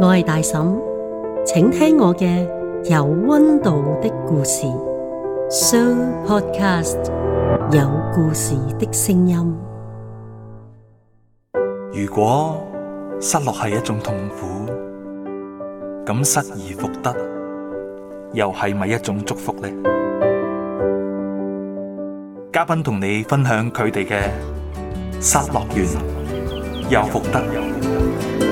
我係大嬸，請聽我嘅有溫度的故事。Show Podcast 有故事的聲音。如果失落係一種痛苦，咁失而復得，又係咪一種祝福呢？嘉賓同你分享佢哋嘅失落完又復得。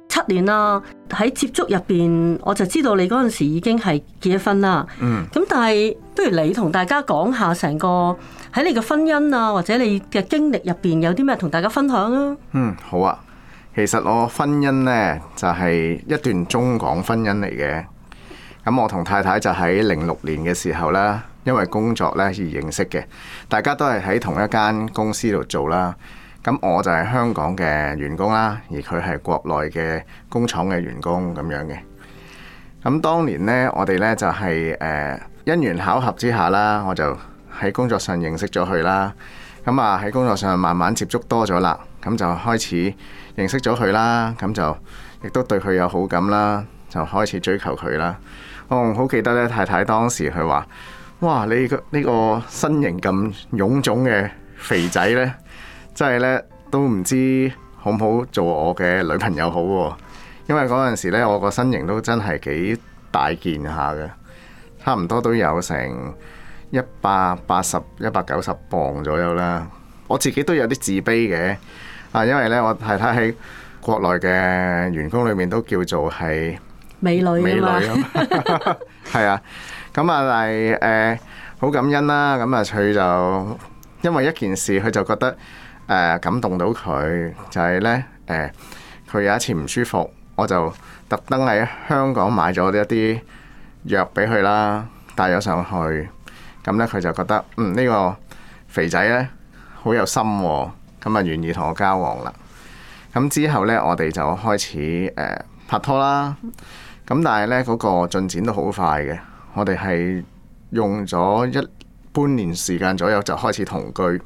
連啦，喺接觸入邊，我就知道你嗰陣時已經係結咗婚啦。嗯，咁但係不如你同大家講下成個喺你嘅婚姻啊，或者你嘅經歷入邊有啲咩同大家分享啊？嗯，好啊。其實我婚姻呢就係一段中港婚姻嚟嘅。咁我同太太就喺零六年嘅時候啦，因為工作呢而認識嘅，大家都係喺同一間公司度做啦。咁我就係香港嘅員工啦，而佢係國內嘅工廠嘅員工咁樣嘅。咁當年咧，我哋咧就係誒因緣巧合之下啦，我就喺工作上認識咗佢啦。咁啊喺工作上慢慢接觸多咗啦，咁就開始認識咗佢啦。咁就亦都對佢有好感啦，就開始追求佢啦。哦，我好記得咧，太太當時佢話：哇，你個呢個身形咁臃腫嘅肥仔咧？真係咧，都唔知好唔好做我嘅女朋友好喎，哦。因為嗰陣時咧，我個身形都真係幾大件下嘅，差唔多都有成一百八十、一百九十磅左右啦。我自己都有啲自卑嘅，啊，因為咧我係睇喺國內嘅員工裏面都叫做係美女，美女啊，係、呃、啊。咁啊但係誒，好感恩啦。咁啊，佢就因為一件事，佢就覺得。感動到佢就係、係、呢。佢有一次唔舒服，我就特登喺香港買咗一啲藥俾佢啦，帶咗上去。咁呢，佢就覺得嗯呢、呢個肥仔呢，好有心、喎，咁啊願意同我交往啦。咁之後呢，我哋就開始、呃、拍拖啦。咁但係呢，嗰、嗰個進展都好快嘅，我哋係用咗一半年時間左右就開始同居。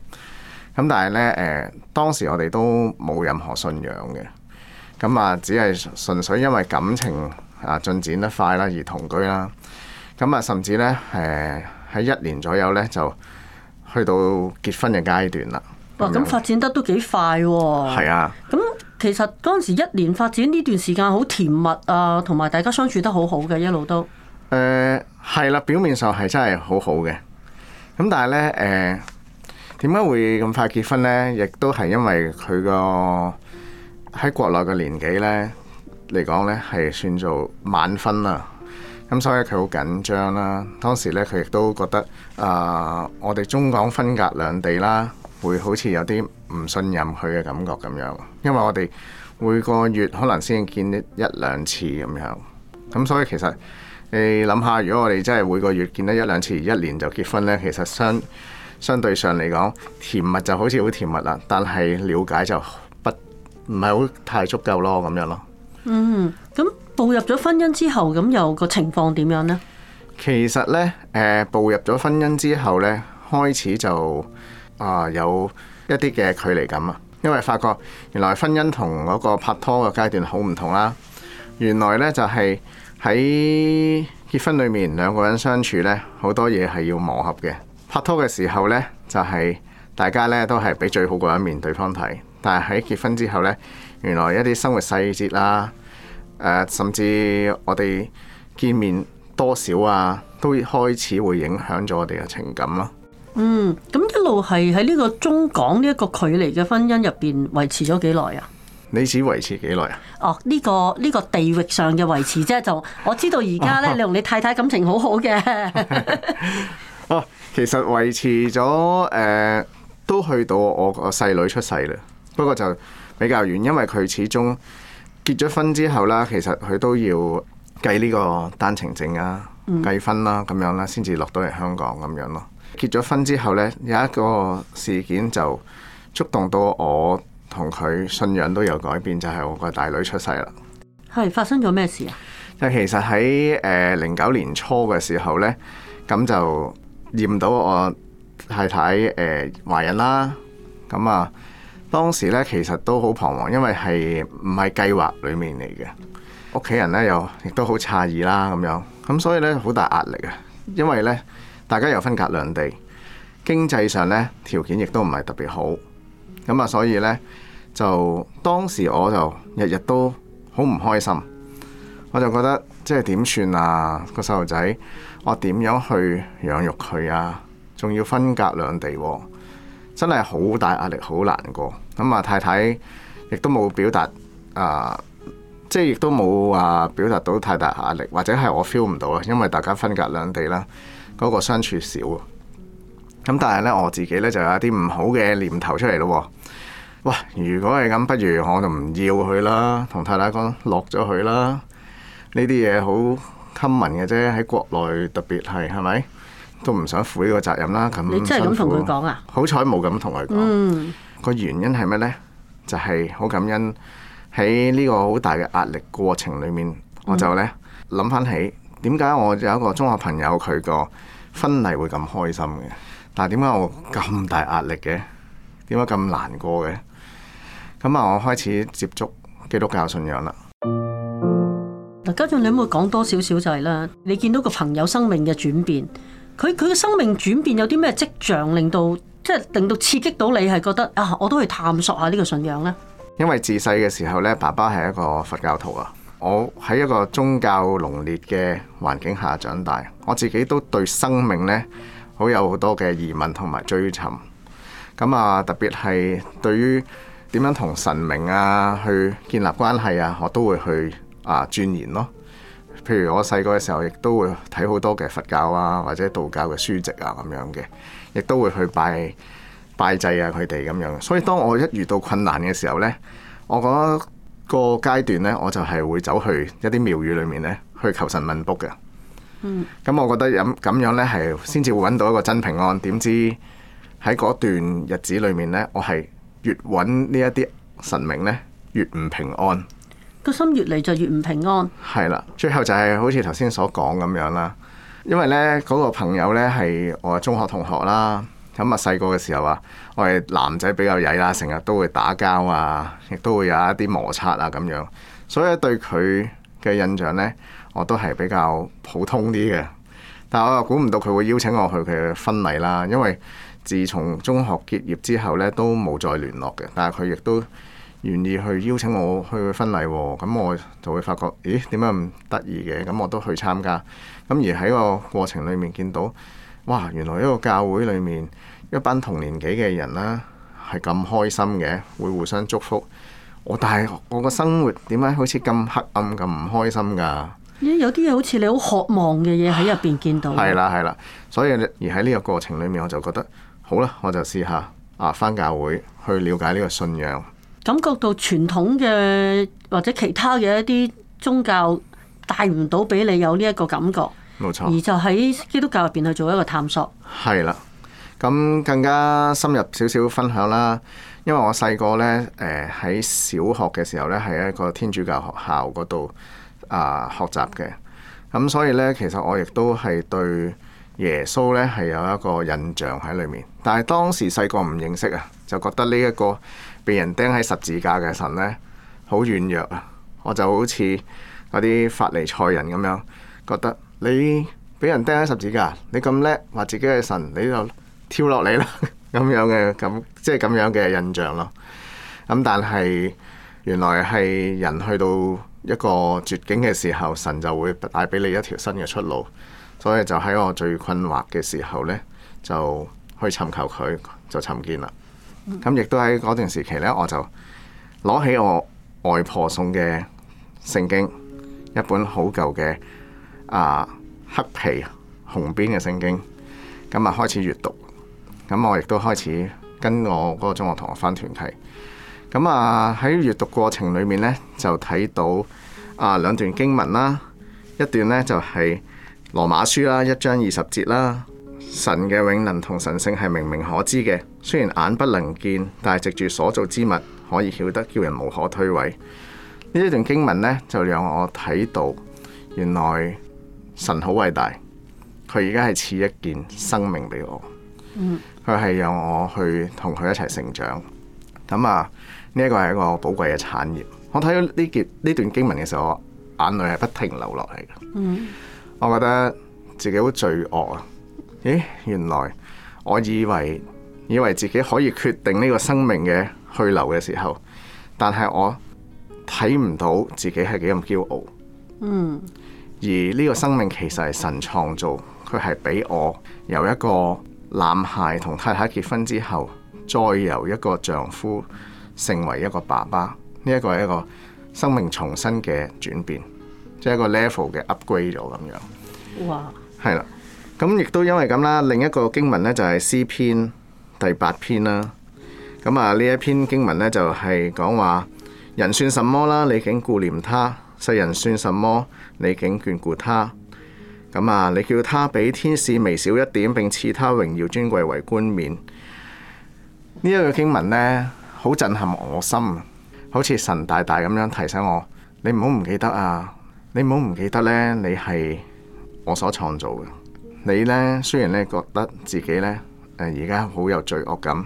咁但係咧，誒當時我哋都冇任何信仰嘅，咁啊只係純粹因為感情啊進展得快啦而同居啦，咁啊甚至咧誒喺一年左右咧就去到結婚嘅階段啦。哇！咁發展得都幾快喎。係啊。咁、啊、其實嗰陣時一年發展呢段時間好甜蜜啊，同埋大家相處得好好嘅一路都。誒係啦，表面上係真係好好嘅。咁但係咧，誒、呃。點解會咁快結婚呢？亦都係因為佢個喺國內嘅年紀呢嚟講呢，係算做晚婚啦。咁、嗯、所以佢好緊張啦。當時呢，佢亦都覺得啊、呃，我哋中港分隔兩地啦，會好似有啲唔信任佢嘅感覺咁樣。因為我哋每個月可能先見一兩次咁樣。咁、嗯、所以其實你諗下，如果我哋真係每個月見得一兩次，一年就結婚呢，其實相～相對上嚟講，甜蜜就好似好甜蜜啦，但係了解就不唔係好太足夠咯，咁樣咯。嗯，咁步入咗婚姻之後，咁又個情況點樣呢？其實呢，誒、呃，步入咗婚姻之後呢，開始就啊有一啲嘅距離感啊，因為發覺原來婚姻同嗰個拍拖嘅階段好唔同啦。原來呢，就係、是、喺結婚裏面兩個人相處呢，好多嘢係要磨合嘅。拍拖嘅時候呢，就係、是、大家呢都係俾最好嗰一面對方睇。但係喺結婚之後呢，原來一啲生活細節啦，甚至我哋見面多少啊，都開始會影響咗我哋嘅情感咯、啊。嗯，咁一路係喺呢個中港呢一個距離嘅婚姻入邊維持咗幾耐啊？你指維持幾耐啊？哦，呢、這個呢、這個地域上嘅維持啫， 就我知道而家呢，你同你太太感情好好嘅。 哦，其實維持咗誒、呃，都去到我個細女出世啦。不過就比較遠，因為佢始終結咗婚之後啦，其實佢都要計呢個單程證啊、計分啦、啊、咁樣啦，先至落到嚟香港咁樣咯。結咗婚之後呢，有一個事件就觸動到我同佢信仰都有改變，就係、是、我個大女出世啦。係發生咗咩事啊？就其實喺誒零九年初嘅時候呢，咁就～驗到我太太誒懷孕啦，咁啊當時咧其實都好彷徨，因為係唔係計劃裡面嚟嘅，屋企人咧又亦都好詫異啦咁樣、啊，咁所以咧好大壓力啊，因為咧大家又分隔兩地，經濟上咧條件亦都唔係特別好，咁啊所以咧就當時我就日日都好唔開心，我就覺得即係點算啊個細路仔。我點樣去養育佢啊？仲要分隔兩地喎，真係好大壓力，好難過。咁啊，太太亦都冇表達啊，即係亦都冇話表達到太大壓力，或者係我 feel 唔到啦，因為大家分隔兩地啦，嗰個相處少。咁但係呢，我自己呢，就有啲唔好嘅念頭出嚟咯喎。哇！如果係咁，不如我就唔要佢啦，同太太講落咗佢啦。呢啲嘢好～貪文嘅啫，喺國內特別係係咪都唔想負呢個責任啦。咁你真係咁同佢講啊？好彩冇咁同佢講。嗯，個原因係咩呢？就係好感恩喺呢個好大嘅壓力過程裏面，我就呢，諗翻起點解我有一個中學朋友佢個婚禮會咁開心嘅，但係點解我咁大壓力嘅？點解咁難過嘅？咁啊，我開始接觸基督教信仰啦。嗱，家上你有冇講多少少就係啦？你見到個朋友生命嘅轉變，佢佢嘅生命轉變有啲咩跡象令到，即係令到刺激到你係覺得啊，我都去探索下呢個信仰咧。因為自細嘅時候呢，爸爸係一個佛教徒啊，我喺一個宗教濃烈嘅環境下長大，我自己都對生命呢，好有好多嘅疑問同埋追尋。咁啊，特別係對於點樣同神明啊去建立關係啊，我都會去。啊，鑽研咯！譬如我細個嘅時候，亦都會睇好多嘅佛教啊，或者道教嘅書籍啊咁樣嘅，亦都會去拜拜祭啊佢哋咁樣。所以當我一遇到困難嘅時候呢，我覺得個階段呢，我就係會走去一啲廟宇裏面呢，去求神問卜嘅。嗯。咁、嗯、我覺得咁咁樣呢，係先至會揾到一個真平安。點知喺嗰段日子裏面呢，我係越揾呢一啲神明呢，越唔平安。個心越嚟就越唔平安。係啦，最後就係好似頭先所講咁樣啦。因為呢嗰個朋友呢係我中學同學啦。咁啊細個嘅時候啊，我哋男仔比較曳啦，成日都會打交啊，亦都會有一啲摩擦啊咁樣。所以對佢嘅印象呢，我都係比較普通啲嘅。但係我又估唔到佢會邀請我去佢嘅婚禮啦。因為自從中學結業之後呢，都冇再聯絡嘅。但係佢亦都，願意去邀請我去婚禮，喔，咁我就會發覺，咦點解咁得意嘅？咁我都去參加。咁而喺個過程裡面見到，哇！原來一個教會裏面一班同年紀嘅人啦，啊，係咁開心嘅，會互相祝福。我但係我個生活點解好似咁黑暗，咁唔開心㗎？咦，有啲嘢好似你好渴望嘅嘢喺入邊見到。係啦係啦，所以而喺呢個過程裡面，我就覺得好啦，我就試下啊，返教會去了解呢個信仰。感覺到傳統嘅或者其他嘅一啲宗教帶唔到俾你有呢一個感覺，沒錯 而就喺基督教入邊去做一個探索。係啦，咁更加深入少少分享啦。因為我細個呢，誒喺小學嘅時候呢，係、呃、一個天主教學校嗰度啊學習嘅。咁所以呢，其實我亦都係對耶穌呢係有一個印象喺裏面。但係當時細個唔認識啊，就覺得呢、這、一個。被人釘喺十字架嘅神呢，好軟弱啊！我就好似嗰啲法利賽人咁樣，覺得你俾人釘喺十字架，你咁叻，話自己係神，你就跳落嚟啦，咁樣嘅咁即係咁樣嘅印象咯。咁、嗯、但係原來係人去到一個絕境嘅時候，神就會帶俾你一條新嘅出路。所以就喺我最困惑嘅時候呢，就去尋求佢，就尋見啦。咁亦都喺嗰段時期呢，我就攞起我外婆送嘅聖經，一本好舊嘅啊黑皮紅邊嘅聖經，咁啊開始閱讀。咁我亦都開始跟我嗰個中學同學返團契。咁啊喺閱讀過程裏面呢，就睇到啊兩段經文啦，一段呢，就係、是、羅馬書啦，一章二十節啦。神嘅永能同神性係明明可知嘅，雖然眼不能見，但係藉住所造之物可以曉得，叫人無可推諉。呢一段經文呢，就讓我睇到原來神好偉大，佢而家係似一件生命俾我，佢係讓我去同佢一齊成長。咁啊，呢一個係一個寶貴嘅產業。我睇到呢段經文嘅時候，我眼淚係不停流落嚟嘅。我覺得自己好罪惡啊！咦，原來我以為以為自己可以決定呢個生命嘅去留嘅時候，但係我睇唔到自己係幾咁驕傲。嗯，而呢個生命其實係神創造，佢係俾我由一個男孩同太太結婚之後，再由一個丈夫成為一個爸爸，呢一個係一個生命重新嘅轉變，即係一個 level 嘅 upgrade 咗咁樣。哇！係啦。咁亦都因為咁啦，另一個經文呢，就係詩篇第八篇啦。咁啊，呢一篇經文呢，就係講話人算什麼啦？你竟顧念他；世人算什麼？你竟眷顧他？咁啊，你叫他比天使微小一點，並賜他榮耀尊貴為冠冕。呢一個經文呢，好震撼我心，好似神大大咁樣提醒我：你唔好唔記得啊！你唔好唔記得呢，你係我所創造嘅。你呢，雖然咧覺得自己呢，誒而家好有罪惡感，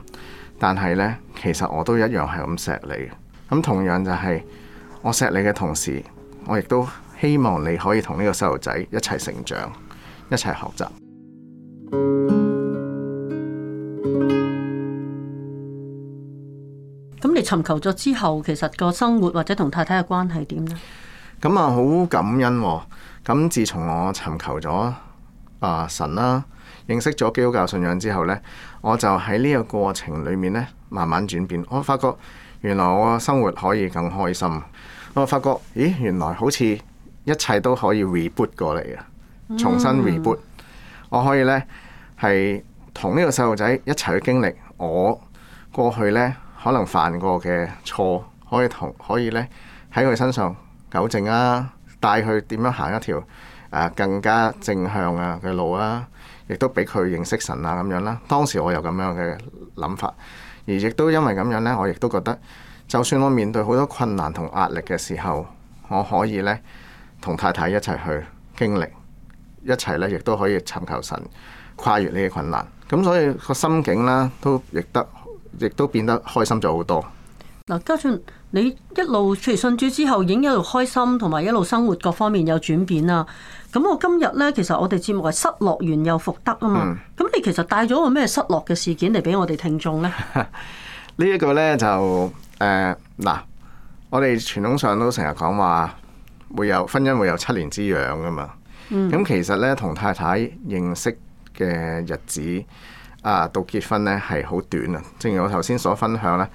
但係呢，其實我都一樣係咁錫你。咁同樣就係我錫你嘅同時，我亦都希望你可以同呢個細路仔一齊成長，一齊學習。咁你尋求咗之後，其實個生活或者同太太嘅關係點呢？咁啊，好感恩、哦。咁自從我尋求咗。啊神啦、啊！認識咗基督教信仰之後呢，我就喺呢個過程裡面呢，慢慢轉變。我發覺原來我生活可以更開心。我發覺咦，原來好似一切都可以 reboot 過嚟嘅，重新 reboot。Mm. 我可以呢係同呢個細路仔一齊去經歷我過去呢可能犯過嘅錯，可以同可以呢喺佢身上糾正啊，帶佢點樣行一條更加正向啊嘅路啦，亦都俾佢認識神啊咁樣啦。當時我有咁樣嘅諗法，而亦都因為咁樣呢，我亦都覺得，就算我面對好多困難同壓力嘅時候，我可以呢同太太一齊去經歷，一齊呢亦都可以尋求神跨越呢個困難。咁所以個心境啦，都亦得，亦都變得開心咗好多。嗱，家俊，你一路信主之後，已經一路開心，同埋一路生活各方面有轉變啊！咁我今日呢，其實我哋節目係失落完又復得啊嘛。咁、嗯、你其實帶咗個咩失落嘅事件嚟俾我哋聽眾呢？呢一 個呢，就誒，嗱、呃，我哋傳統上都成日講話會有婚姻會有七年之癢噶嘛。咁、嗯嗯嗯、其實呢，同太太認識嘅日子啊到結婚呢係好短啊。正如我頭先所分享呢，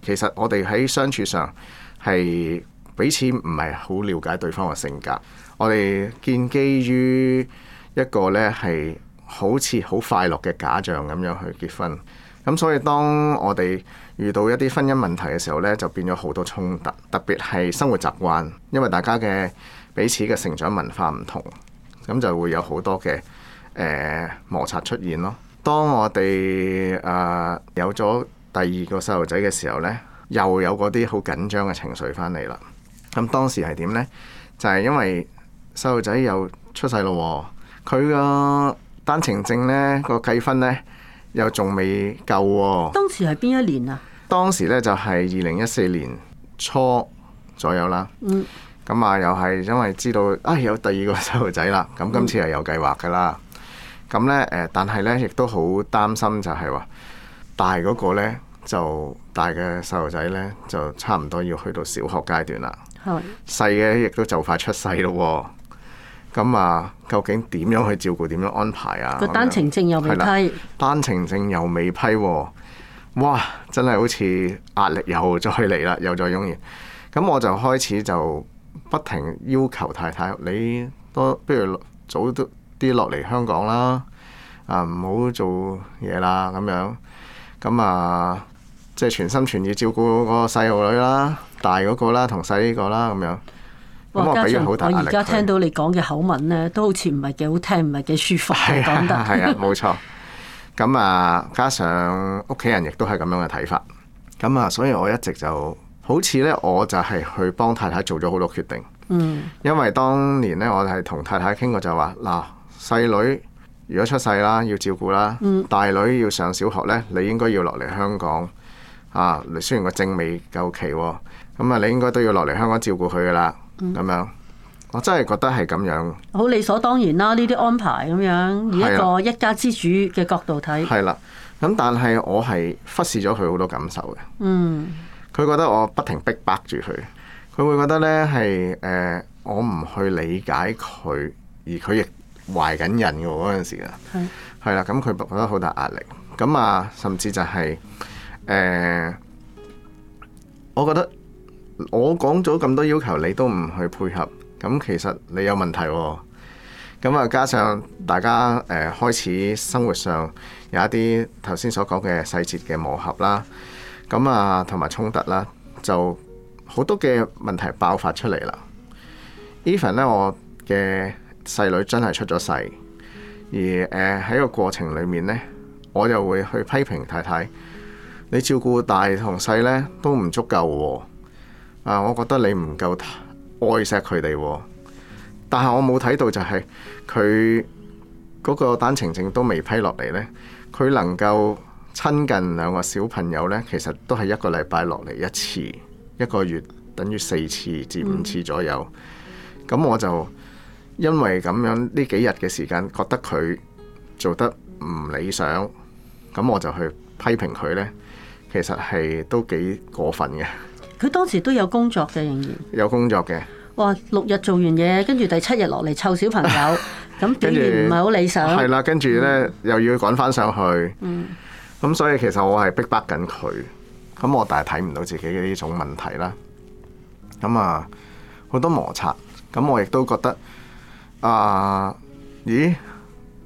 其實我哋喺相處上係彼此唔係好了解對方嘅性格。我哋建基於一個呢係好似好快樂嘅假象咁樣去結婚，咁所以當我哋遇到一啲婚姻問題嘅時候呢，就變咗好多衝突，特別係生活習慣，因為大家嘅彼此嘅成長文化唔同，咁就會有好多嘅誒摩擦出現咯。當我哋誒、呃、有咗第二個細路仔嘅時候呢，又有嗰啲好緊張嘅情緒返嚟啦。咁當時係點呢？就係、係、因為細路仔又出世咯、喎，佢個單程證呢個計分呢，又仲未夠、喎。當時係邊一年啊？當時呢就係二零一四年初左右啦。咁啊、嗯，又係因為知道啊、哎、有第二個細路仔啦，咁今次係有計劃㗎啦。咁、嗯、呢，誒，但係呢亦都好擔心就，就係話大嗰個咧就大嘅細路仔呢，就差唔多要去到小學階段啦。係的。細嘅亦都就快出世咯、喎。咁啊、嗯，究竟點樣去照顧？點樣安排啊？個單程證又未批，單程證又未批，哇！真係好似壓力又再嚟啦，又再湧現。咁、嗯、我就開始就不停要求太太，你多不如早啲落嚟香港啦，啊唔好做嘢啦咁樣。咁、嗯、啊，即、就、係、是、全心全意照顧個細路女啦、大嗰個啦、同細呢個啦咁樣。我而、哦、家聽到你講嘅口吻咧，都好似唔係幾好聽，唔係幾舒服。講得係啊，冇的 錯。咁啊，加上屋企人亦都係咁樣嘅睇法。咁啊，所以我一直就好似咧，我就係去幫太太做咗好多決定。嗯，因為當年咧，我係同太太傾過就，就話嗱細女如果出世啦，要照顧啦，嗯、大女要上小學咧，你應該要落嚟香港啊。雖然個證未夠期、哦，咁啊，你應該都要落嚟香港照顧佢噶啦。咁、嗯、樣，我真係覺得係咁樣，好理所當然啦。呢啲安排咁樣，以一個一家之主嘅角度睇，係啦。咁但係我係忽視咗佢好多感受嘅。嗯，佢覺得我不停逼迫住佢，佢會覺得呢係誒、呃，我唔去理解佢，而佢亦懷緊人嘅嗰陣時啊，係係啦，咁佢覺得好大壓力。咁啊，甚至就係、是、誒、呃，我覺得。我講咗咁多要求，你都唔去配合，咁其實你有問題喎、哦。咁啊，加上大家誒、呃、開始生活上有一啲頭先所講嘅細節嘅磨合啦，咁啊同埋衝突啦，就好多嘅問題爆發出嚟啦。Even 呢，我嘅細女真係出咗世，而誒喺、呃、個過程裡面呢，我又會去批評太太，你照顧大同細呢，都唔足夠喎、哦。啊，我覺得你唔夠愛錫佢哋，但係我冇睇到就係佢嗰個單程證都未批落嚟呢。佢能夠親近兩個小朋友呢，其實都係一個禮拜落嚟一次，一個月等於四次至五次左右。咁、嗯、我就因為咁樣呢幾日嘅時間，覺得佢做得唔理想，咁我就去批評佢呢。其實係都幾過分嘅。佢當時都有工作嘅，仍然有工作嘅。哇，六日做完嘢，跟住第七日落嚟湊小朋友，咁竟然唔係好理想。係啦、啊，跟住呢、嗯、又要趕翻上去。嗯。咁所以其實我係逼迫緊佢，咁我但係睇唔到自己嘅呢種問題啦。咁啊，好多摩擦。咁我亦都覺得啊，咦，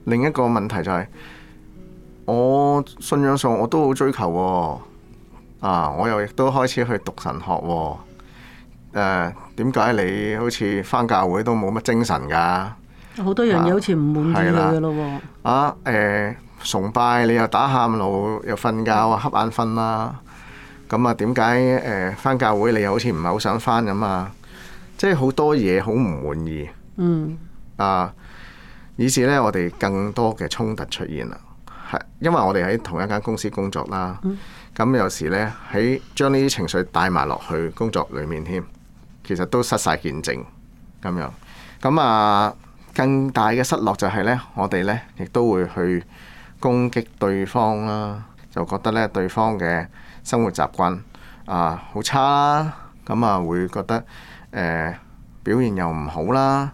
另一個問題就係、是、我信仰上我都好追求喎、哦。啊！我又亦都開始去讀神學喎。誒，點解你好似翻教會都冇乜精神㗎？多好多嘢好似唔滿意佢嘅咯喎。啊誒、呃、崇拜你又打喊路又瞓覺，覺啊瞌眼瞓啦。咁啊，點解誒翻教會你又好似唔係好想翻咁啊？即係好多嘢好唔滿意。嗯啊，以至咧我哋更多嘅衝突出現啦。係因為我哋喺同一間公司工作啦。嗯咁有時呢，喺將呢啲情緒帶埋落去工作裡面添，其實都失晒見證咁樣。咁啊，更大嘅失落就係呢，我哋呢亦都會去攻擊對方啦、啊，就覺得呢對方嘅生活習慣啊好差啦、啊，咁啊會覺得、呃、表現又唔好啦、啊。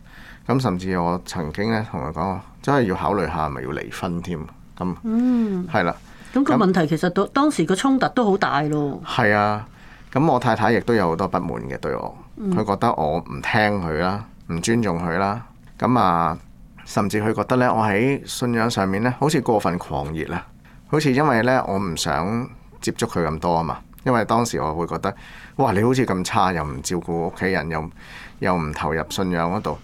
咁甚至我曾經呢，同佢講話，真係要考慮下，咪要離婚添、啊、咁，係啦。嗯咁個問題其實都當時個衝突都好大咯。係啊，咁我太太亦都有好多不滿嘅對我，佢、嗯、覺得我唔聽佢啦，唔尊重佢啦。咁啊，甚至佢覺得咧，我喺信仰上面咧，好似過分狂熱啦，好似因為咧，我唔想接觸佢咁多啊嘛。因為當時我會覺得，哇，你好似咁差，又唔照顧屋企人，又又唔投入信仰嗰度。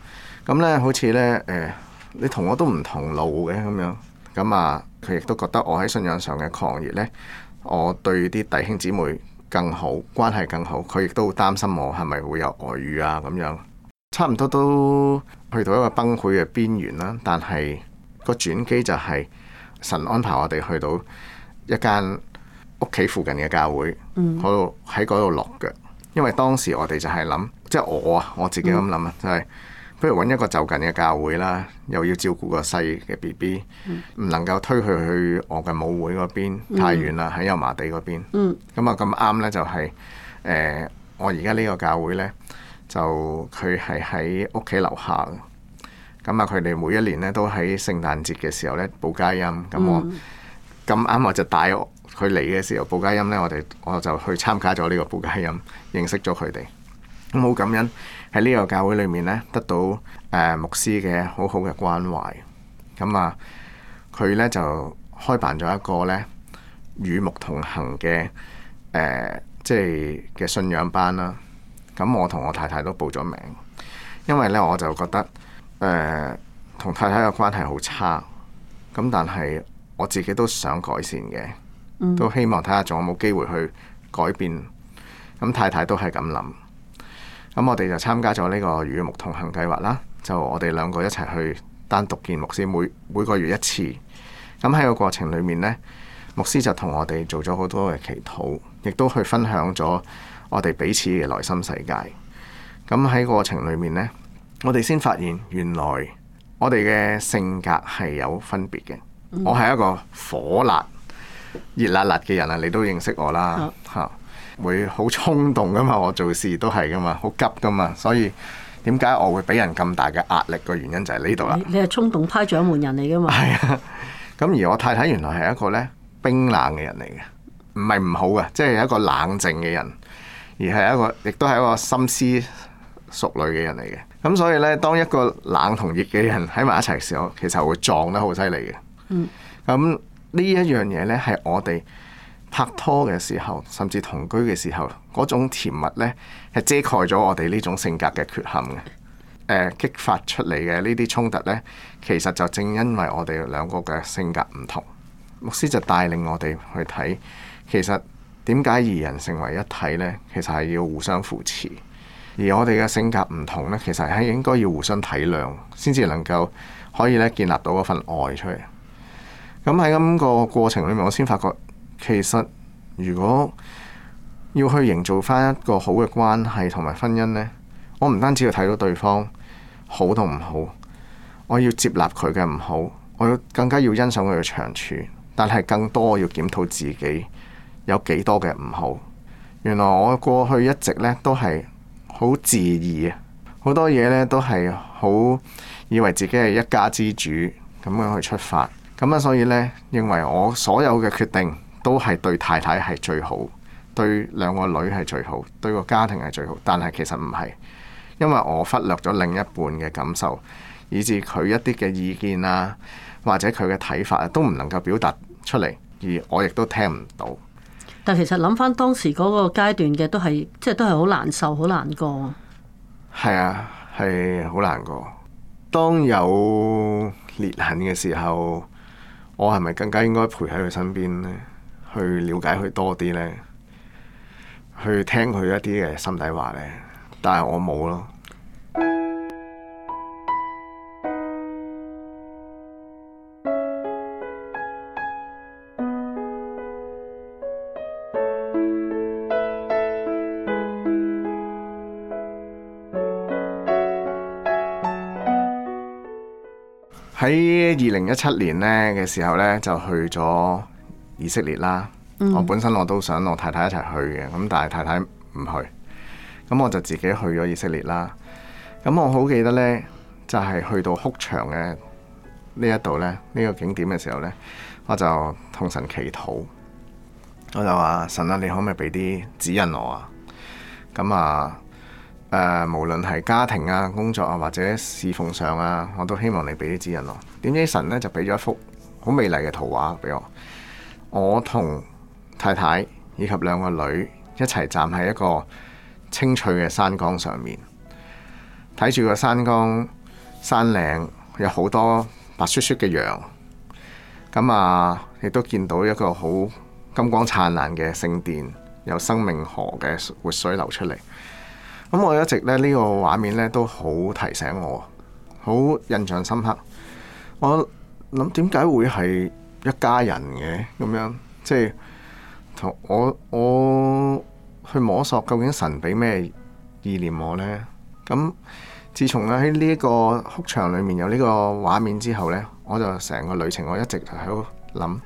咁咧、啊，好似咧，誒、哎，你同我都唔同路嘅咁樣。咁啊。佢亦都覺得我喺信仰上嘅狂熱呢，我對啲弟兄姊妹更好，關係更好。佢亦都擔心我係咪會有外遇啊咁樣，差唔多都去到一個崩潰嘅邊緣啦。但係個轉機就係神安排我哋去到一間屋企附近嘅教會，喺嗰度落腳。因為當時我哋就係諗，即係我啊，我自己咁諗啊，就係。Mm. 就係不如揾一個就近嘅教會啦，又要照顧個細嘅 B B，唔能夠推佢去我嘅母會嗰邊太遠啦，喺、嗯、油麻地嗰邊。咁啊咁啱呢，就係、是，誒、呃、我而家呢個教會呢，就佢係喺屋企樓下，咁啊，佢哋每一年咧都喺聖誕節嘅時候呢，報佳音，咁我咁啱我就帶佢嚟嘅時候報佳音呢，我哋我就去參加咗呢個報佳音，認識咗佢哋，咁好感恩。喺呢個教會裏面咧，得到牧師嘅好好嘅關懷，咁啊，佢呢就開辦咗一個咧與牧同行嘅即係嘅信仰班啦。咁我同我太太都報咗名，因為呢我就覺得呃、同太太嘅關係好差，咁但係我自己都想改善嘅，都希望睇下仲有冇機會去改變。咁太太都係咁諗。咁我哋就參加咗呢個與牧同行計劃啦，就我哋兩個一齊去單獨見牧師，每每個月一次。咁喺個過程裏面呢，牧師就同我哋做咗好多嘅祈禱，亦都去分享咗我哋彼此嘅內心世界。咁喺過程裏面呢，我哋先發現原來我哋嘅性格係有分別嘅。我係一個火辣、熱辣辣嘅人啊！你都認識我啦，嚇～會好衝動㗎嘛？我做事都係㗎嘛，好急㗎嘛，所以點解我會畀人咁大嘅壓力？個原因就係呢度啦。你係衝動派掌門人嚟㗎嘛？係啊，咁而我太太原來係一個呢冰冷嘅人嚟嘅，唔係唔好嘅，即係一個冷靜嘅人，而係一個亦都係一個心思熟慮嘅人嚟嘅。咁所以呢，當一個冷同熱嘅人喺埋一齊嘅時候，其實會撞得好犀利嘅。嗯。咁呢一樣嘢呢，係我哋，拍拖嘅時候，甚至同居嘅時候，嗰種甜蜜呢係遮蓋咗我哋呢種性格嘅缺陷嘅。呃，激發出嚟嘅呢啲衝突呢，其實就正因為我哋兩個嘅性格唔同。牧師就帶領我哋去睇，其實點解二人成為一體呢？其實係要互相扶持，而我哋嘅性格唔同呢，其實係應該要互相體諒，先至能夠可以呢建立到嗰份愛出嚟。咁喺咁個過程裡面，我先發覺。其實，如果要去營造返一個好嘅關係同埋婚姻呢，我唔單止要睇到對方好同唔好，我要接納佢嘅唔好，我要更加要欣賞佢嘅長處，但係更多要檢討自己有幾多嘅唔好。原來我過去一直呢都係好自義，好多嘢呢都係好以為自己係一家之主咁樣去出發咁啊。所以呢，認為我所有嘅決定，都係對太太係最好，對兩個女係最好，對個家庭係最好。但係其實唔係，因為我忽略咗另一半嘅感受，以至佢一啲嘅意見啊，或者佢嘅睇法啊，都唔能夠表達出嚟，而我亦都聽唔到。但其實諗翻當時嗰個階段嘅，就是、都係即係都係好難受、好難過。係啊，係好難過。當有裂痕嘅時候，我係咪更加應該陪喺佢身邊呢？去了解佢多啲咧，去聽佢一啲嘅心底話咧。但係我冇咯。喺二零一七年咧嘅時候咧，就去咗。以色列啦，mm. 我本身我都想我太太一齊去嘅，咁但係太太唔去，咁我就自己去咗以色列啦。咁我好記得呢，就係、是、去到哭牆嘅呢一度咧，呢、這個景點嘅時候呢，我就同神祈禱，我就話神啊，你可唔可以俾啲指引我啊？咁啊，誒、呃，無論係家庭啊、工作啊，或者事奉上啊，我都希望你俾啲指引我。點知神呢，就俾咗一幅好美麗嘅圖畫俾我。我同太太以及兩個女一齊站喺一個青翠嘅山崗上面，睇住個山崗山嶺有好多白雪雪嘅羊，咁啊亦都見到一個好金光燦爛嘅聖殿，有生命河嘅活水流出嚟。咁我一直咧呢、呢個畫面呢都好提醒我，好印象深刻。我諗點解會係？一家人嘅咁樣，即係同我，我去摸索究竟神俾咩意念我呢？咁自從喺呢一個哭牆裏面有呢個畫面之後呢，我就成個旅程，我一直喺度諗，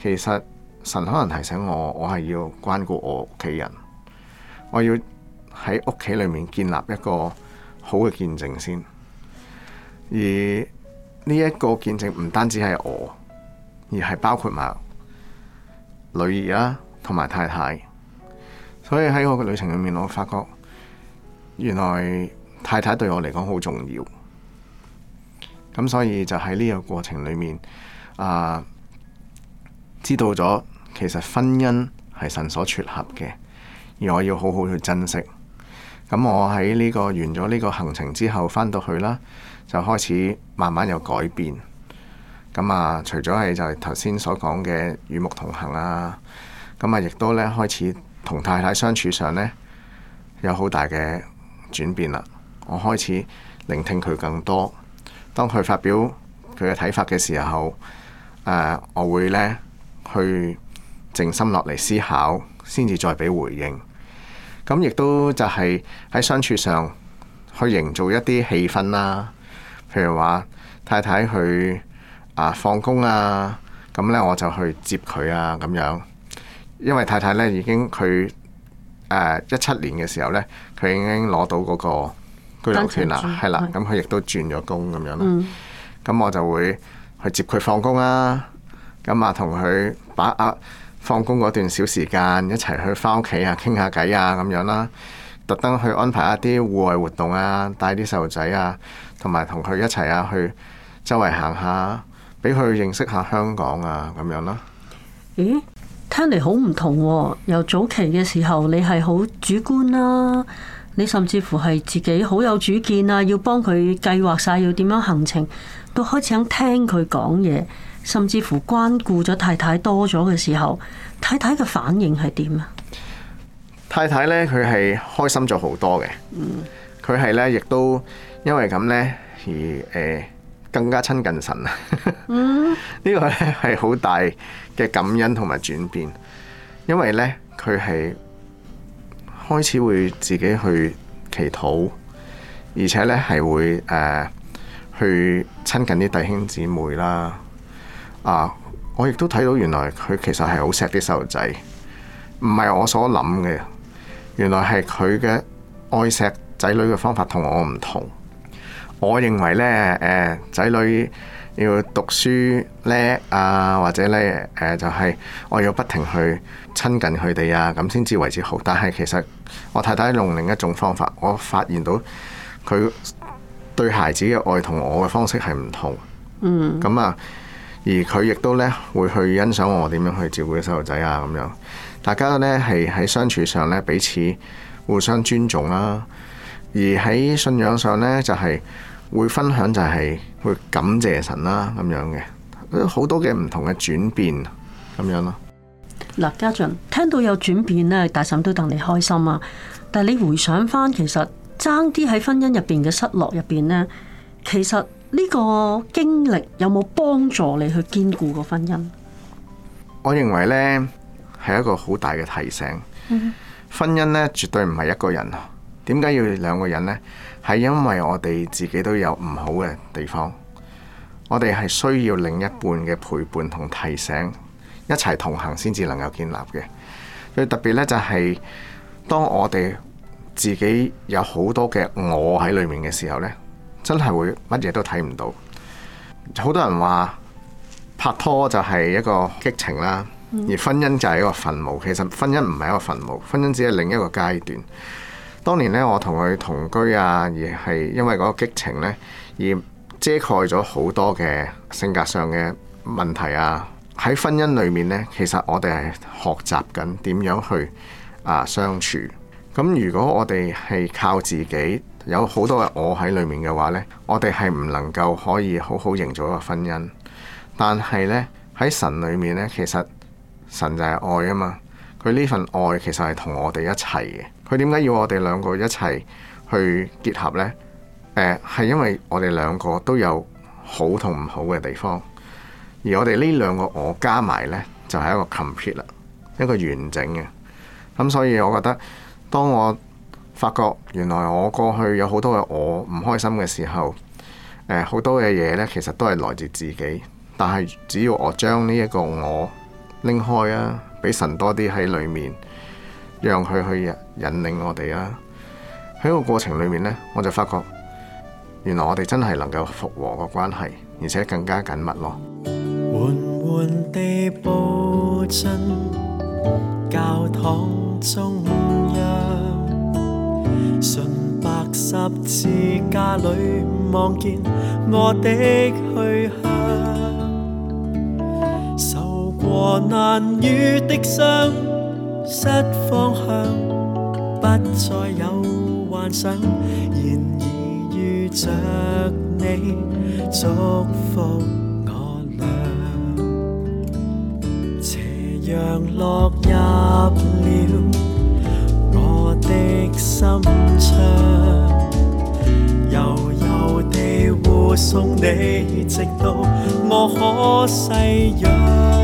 其實神可能提醒我，我係要關顧我屋企人，我要喺屋企裏面建立一個好嘅見證先。而呢一個見證唔單止係我。而係包括埋女兒啦，同埋太太。所以喺我嘅旅程裏面，我發覺原來太太對我嚟講好重要。咁所以就喺呢個過程裏面，啊，知道咗其實婚姻係神所撮合嘅，而我要好好去珍惜。咁我喺呢個完咗呢個行程之後，翻到去啦，就開始慢慢有改變。咁啊、嗯，除咗係就係頭先所講嘅與目同行啊，咁、嗯、啊，亦都咧開始同太太相處上咧有好大嘅轉變啦。我開始聆聽佢更多，當佢發表佢嘅睇法嘅時候，誒、呃，我會咧去靜心落嚟思考，先至再俾回應。咁、嗯、亦都就係喺相處上去營造一啲氣氛啦、啊。譬如話太太佢，啊，放工啊，咁呢我就去接佢啊，咁樣，因為太太呢已經佢，誒一七年嘅時候呢，佢已經攞到嗰個居留權啦，係啦，咁佢亦都轉咗工咁樣啦，咁的、嗯嗯、我就會去接佢放工啊，咁、嗯嗯、啊同佢把握放工嗰段小時間，一齊去翻屋企啊，傾下偈啊，咁樣啦、啊，特登去安排一啲戶外活動啊，帶啲細路仔啊，同埋同佢一齊啊去周圍行下。俾佢認識下香港啊，咁樣啦。咦、欸，聽嚟好唔同喎、啊！由早期嘅時候，你係好主觀啦、啊，你甚至乎係自己好有主見啊，要幫佢計劃晒要點樣行程，都開始肯聽佢講嘢，甚至乎關顧咗太太多咗嘅時候，太太嘅反應係點啊？太太呢，佢係開心咗好多嘅。佢係、嗯、呢，亦都因為咁呢。而誒。呃更加親近神啊！ 呢個咧係好大嘅感恩同埋轉變，因為咧佢係開始會自己去祈禱，而且咧係會誒、呃、去親近啲弟兄姊妹啦。啊，我亦都睇到原來佢其實係好錫啲細路仔，唔係我所諗嘅。原來係佢嘅愛錫仔女嘅方法同我唔同。我認為咧，誒仔女要讀書叻啊，或者咧，誒、啊、就係、是、我要不停去親近佢哋啊，咁先至為之好。但係其實我太太用另一種方法，我發現到佢對孩子嘅愛同我嘅方式係唔同。嗯。咁啊，而佢亦都咧會去欣賞我點樣去照顧細路仔啊，咁樣。大家咧係喺相處上咧彼此互相尊重啦、啊。而喺信仰上呢，就係、是、會分享，就係會感謝神啦咁樣嘅，好多嘅唔同嘅轉變咁樣咯。嗱，家俊聽到有轉變呢，大嬸都戥你開心啊！但係你回想翻，其實爭啲喺婚姻入邊嘅失落入邊呢，其實呢個經歷有冇幫助你去堅固個婚姻？我認為呢係一個好大嘅提醒，嗯、哼婚姻呢，絕對唔係一個人。點解要兩個人呢？係因為我哋自己都有唔好嘅地方，我哋係需要另一半嘅陪伴同提醒，一齊同行先至能夠建立嘅。最特別咧就係當我哋自己有好多嘅我喺裏面嘅時候呢，真係會乜嘢都睇唔到。好多人話拍拖就係一個激情啦，而婚姻就係一個墳墓。其實婚姻唔係一個墳墓，婚姻只係另一個階段。當年咧，我同佢同居啊，而係因為嗰個激情呢，而遮蓋咗好多嘅性格上嘅問題啊。喺婚姻裏面呢，其實我哋係學習緊點樣去啊相處。咁如果我哋係靠自己，有好多嘅我喺裏面嘅話呢，我哋係唔能夠可以好好營造一個婚姻。但係呢，喺神裏面呢，其實神就係愛啊嘛。佢呢份愛其實係同我哋一齊嘅。佢點解要我哋兩個一齊去結合呢？誒、呃，係因為我哋兩個都有好同唔好嘅地方，而我哋呢兩個我加埋呢，就係、是、一個 complete 啦，一個完整嘅。咁所以我覺得，當我發覺原來我過去有好多嘅我唔開心嘅時候，呃，好多嘅嘢呢其實都係來自自己。但係只要我將呢一個我拎開啊，俾神多啲喺裏面。讓佢去引領我哋啊！喺個過程裏面呢，我就發覺原來我哋真係能夠復和個關係，而且更加緊密咯。緩緩地步進教堂中央，純白十字架裏望見我的去向，受過難雨的傷。失方向，不再有幻想，然而遇着你，祝福我倆。斜陽落入了我的心窗，悠悠地護送你直到我可細去。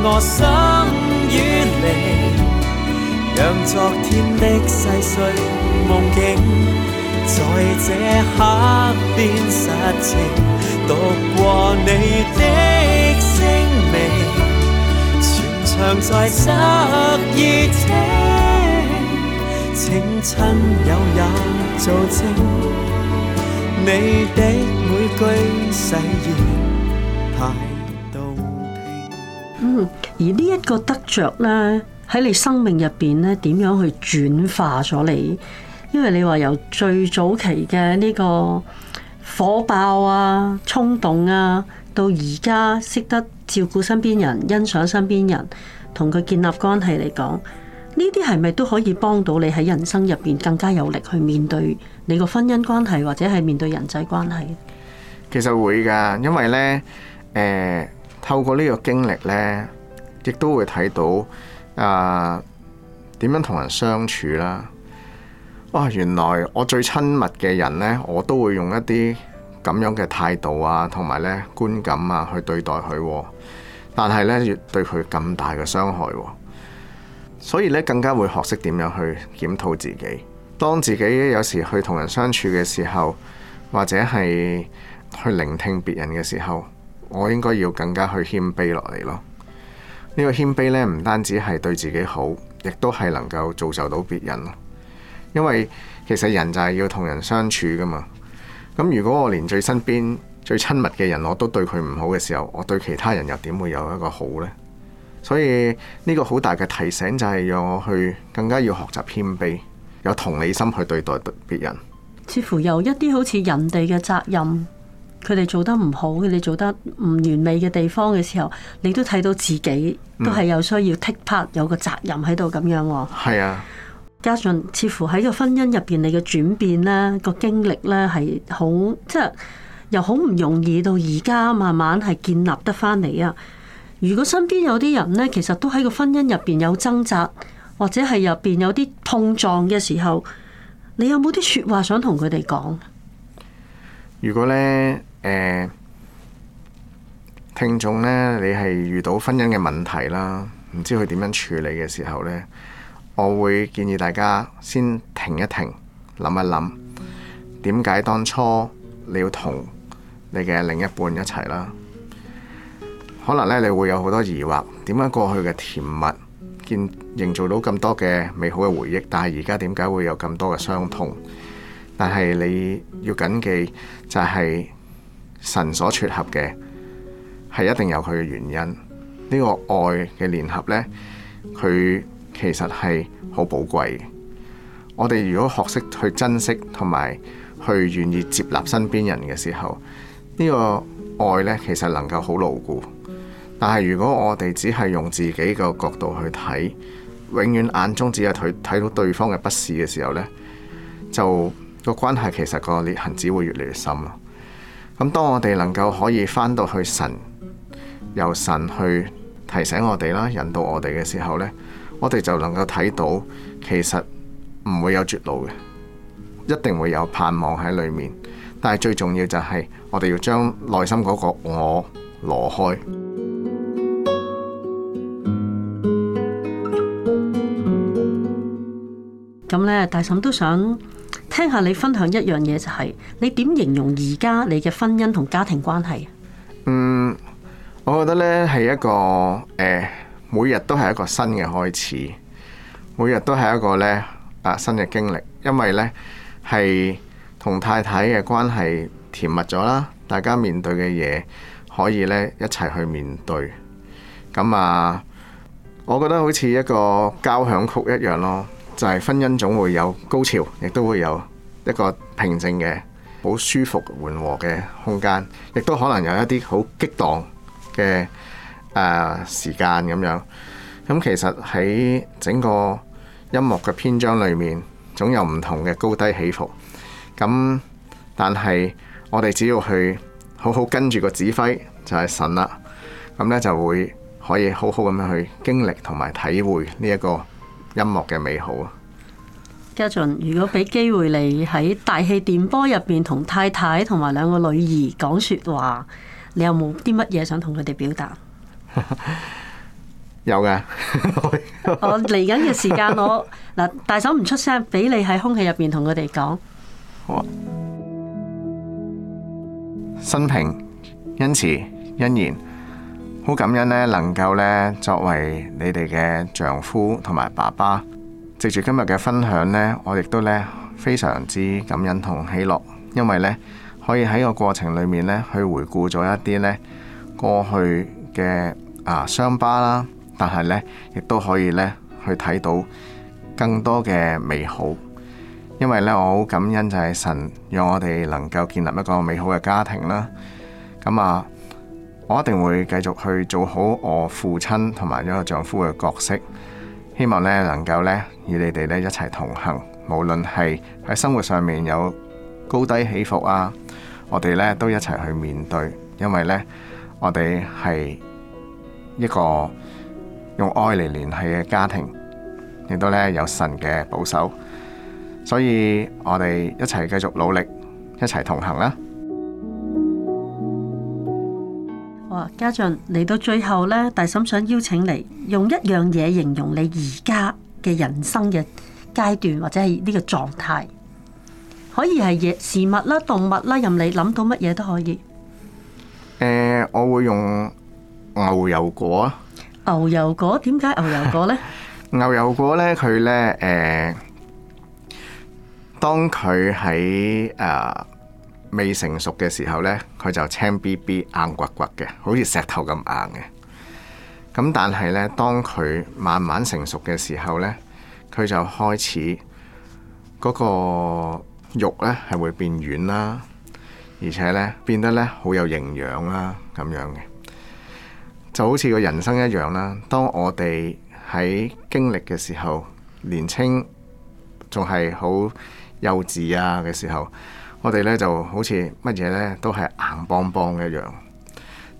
我心與你，讓昨天的細碎夢境，在這刻變實情。讀過你的姓名，全場在側耳聽。請親友也做證，你的每句誓言。而呢一個得着呢，喺你生命入邊呢點樣去轉化咗你？因為你話由最早期嘅呢個火爆啊、衝動啊，到而家識得照顧身邊人、欣賞身邊人、同佢建立關係嚟講，呢啲係咪都可以幫到你喺人生入邊更加有力去面對你個婚姻關係，或者係面對人際關係？其實會噶，因為呢，呃，透過呢個經歷呢。亦都會睇到啊，點、呃、樣同人相處啦，啊，哇、哦！原來我最親密嘅人呢，我都會用一啲咁樣嘅態度啊，同埋呢觀感啊去對待佢，啊，但係呢，對佢咁大嘅傷害，啊，所以呢更加會學識點樣去檢討自己。當自己有時去同人相處嘅時候，或者係去聆聽別人嘅時候，我應該要更加去謙卑落嚟咯。呢個謙卑呢，唔單止係對自己好，亦都係能夠造就到別人咯。因為其實人就係要同人相處㗎嘛。咁如果我連最身邊、最親密嘅人我都對佢唔好嘅時候，我對其他人又點會有一個好呢？所以呢個好大嘅提醒就係要我去更加要學習謙卑，有同理心去對待別人。似乎有一啲好似人哋嘅責任。佢哋做得唔好嘅，你做得唔完美嘅地方嘅時候，你都睇到自己都係有需要 take part，、嗯、有個責任喺度咁樣。係啊，啊加上似乎喺個婚姻入邊，你嘅轉變咧，個經歷咧，係好，即係又好唔容易到而家慢慢係建立得翻嚟！啊如果身邊有啲人咧，其實都喺個婚姻入邊有掙扎，或者係入邊有啲碰撞嘅時候，你有冇啲說話想同佢哋講？如果咧？誒，聽眾呢，你係遇到婚姻嘅問題啦，唔知佢點樣處理嘅時候呢，我會建議大家先停一停，諗一諗，點解當初你要同你嘅另一半一齊啦？可能呢，你會有好多疑惑，點解過去嘅甜蜜建營造到咁多嘅美好嘅回憶，但係而家點解會有咁多嘅傷痛？但係你要謹記就係、是。神所撮合嘅係一定有佢嘅原因，呢個愛嘅聯合呢，佢其實係好寶貴。我哋如果學識去珍惜同埋去願意接納身邊人嘅時候，呢個愛呢，其實能夠好牢固。但係如果我哋只係用自己個角度去睇，永遠眼中只有佢睇到對方嘅不是嘅時候呢，就個關係其實個裂痕只會越嚟越深咯。咁當我哋能夠可以翻到去神，由神去提醒我哋啦，引導我哋嘅時候呢，我哋就能夠睇到其實唔會有絕路嘅，一定會有盼望喺裡面。但係最重要就係我哋要將內心嗰個我挪開。咁呢，大嬸都想。聽下你分享一樣嘢就係，你點形容而家你嘅婚姻同家庭關係？嗯，我覺得呢係一個誒、欸，每日都係一個新嘅開始，每日都係一個呢啊新嘅經歷，因為呢係同太太嘅關係甜蜜咗啦，大家面對嘅嘢可以呢一齊去面對。咁啊，我覺得好似一個交響曲一樣咯。就係婚姻總會有高潮，亦都會有一個平靜嘅好舒服緩和嘅空間，亦都可能有一啲好激盪嘅誒時間咁樣。咁、嗯、其實喺整個音樂嘅篇章裏面，總有唔同嘅高低起伏。咁、嗯、但係我哋只要去好好跟住個指揮，就係、是、神啦。咁、嗯、呢就會可以好好咁樣去經歷同埋體會呢、這、一個音樂嘅美好啊，嘉俊，如果俾機會你喺大氣電波入邊同太太同埋兩個女兒講說，說話，你有冇啲乜嘢想同佢哋表達？有嘅，我嚟緊嘅時間，我嗱大手唔出聲，俾你喺空氣入邊同佢哋講。好啊，新平、恩慈、恩言。好感恩咧，能夠咧作為你哋嘅丈夫同埋爸爸，藉住今日嘅分享咧，我亦都咧非常之感恩同喜樂，因為咧可以喺個過程裏面咧去回顧咗一啲咧過去嘅啊傷疤啦，但係咧亦都可以咧去睇到更多嘅美好，因為咧我好感恩就係神讓我哋能夠建立一個美好嘅家庭啦，咁啊。我一定會繼續去做好我父親同埋一個丈夫嘅角色，希望咧能夠咧與你哋咧一齊同行，無論係喺生活上面有高低起伏啊，我哋咧都一齊去面對，因為咧我哋係一個用愛嚟聯繫嘅家庭，亦都咧有神嘅保守，所以我哋一齊繼續努力，一齊同行啦。家俊，嚟到最後呢，大嬸想邀請你用一樣嘢形容你而家嘅人生嘅階段或者係呢個狀態，可以係嘢事物啦、動物啦，任你諗到乜嘢都可以。誒、呃，我會用牛油果。牛油果點解牛油果呢？ 牛油果呢？佢呢？誒、呃，當佢喺誒。呃未成熟嘅時候呢，佢就青 B B 硬骨骨嘅，好似石頭咁硬嘅。咁但係呢，當佢慢慢成熟嘅時候呢，佢就開始嗰個肉呢係會變軟啦，而且呢變得呢好有營養啦咁樣嘅，就好似個人生一樣啦。當我哋喺經歷嘅時候，年青仲係好幼稚啊嘅時候。我哋咧就好似乜嘢咧都係硬邦邦一樣，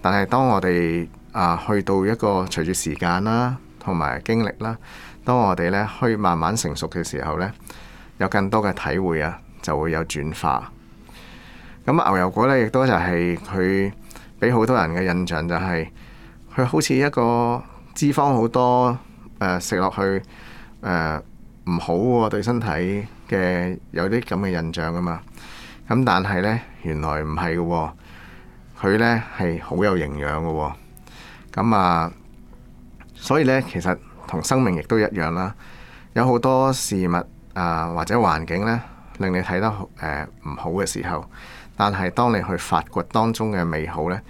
但係當我哋啊去到一個隨住時間啦，同埋經歷啦，當我哋咧去慢慢成熟嘅時候咧，有更多嘅體會啊，就會有轉化。咁牛油果咧，亦都就係佢俾好多人嘅印象就係佢好似一個脂肪好多、呃呃、好多誒，食落去誒唔好喎，對身體嘅有啲咁嘅印象噶嘛。咁但係呢，原來唔係嘅，佢呢係好有營養嘅。咁、嗯、啊，所以呢，其實同生命亦都一樣啦。有好多事物啊，或者環境呢，令你睇得呃、唔好嘅時候，但係當你去發掘當中嘅美好呢，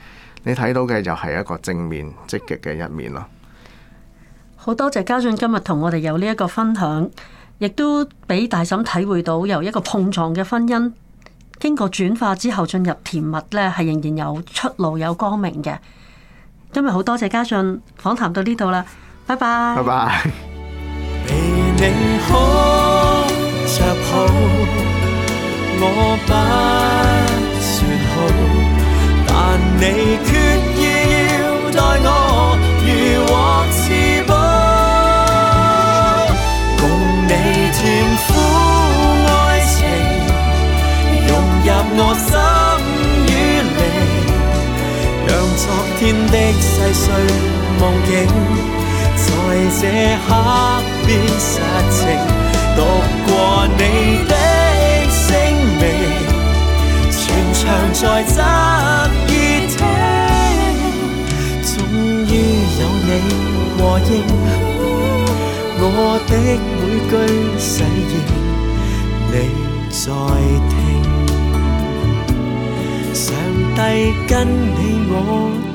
你睇到嘅就係一個正面積極嘅一面咯。好多謝家俊今日同我哋有呢一個分享，亦都俾大嬸體會到由一個碰撞嘅婚姻。經過轉化之後，進入甜蜜呢，係仍然有出路，有光明嘅。今日好多謝家俊，訪談到呢度啦，拜拜。拜拜 bye。 細碎夢境，在這刻變實情。讀過你的姓名，全場在側耳聽。終於有你和應我的每句誓言，你在聽。上帝跟你我。